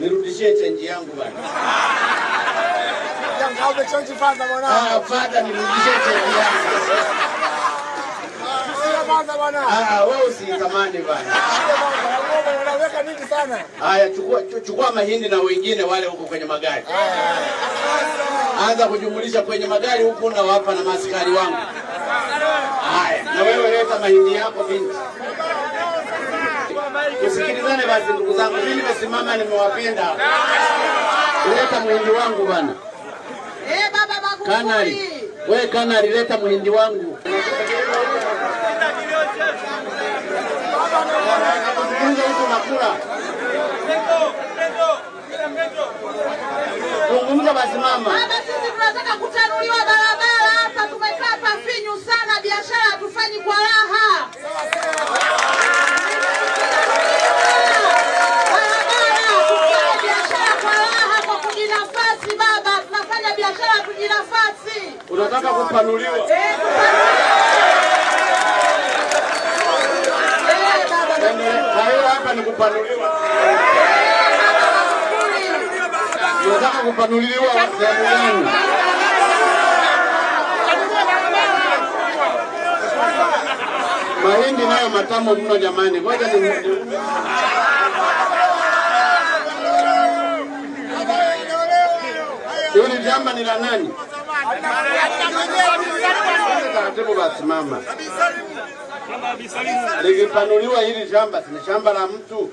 nirudishie chenji yangu bana. fadha ah, nirudishie chenji yangu. Ah, ah, wewe usitamani bana. Haya, chukua chukua mahindi na wengine wale huko kwenye magari. Anza kujumulisha kwenye magari huko na wapa na maskari wangu. Haya, na wewe leta mahindi yako binti. Tusikilizane basi ndugu zangu, mimi nimesimama, nimewapenda. Leta muhindi wangu bana. Eh, baba babu. Kanari. Wewe kanari, leta muhindi wangu. Zungumza basi mama. mpaka kupanuliwa. Kwa hiyo hapa ni kupanuliwa, nataka kupanuliwa sehemu gani? Mahindi nayo matamu mno jamani, ngoja ni hili jamba ni la nani? Wasimama likipanuliwa hili shamba, si shamba la mtu?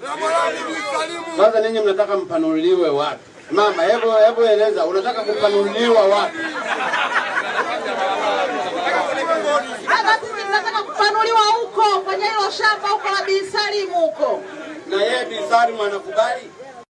Sasa ninyi mnataka mpanuliwe wapi? Mama, hebu hebu eleza, unataka kupanuliwa wapi? Nataka kupanuliwa huko kwenye hilo shamba huko la Bi Salimu huko. Na yeye Bi Salimu anakubali?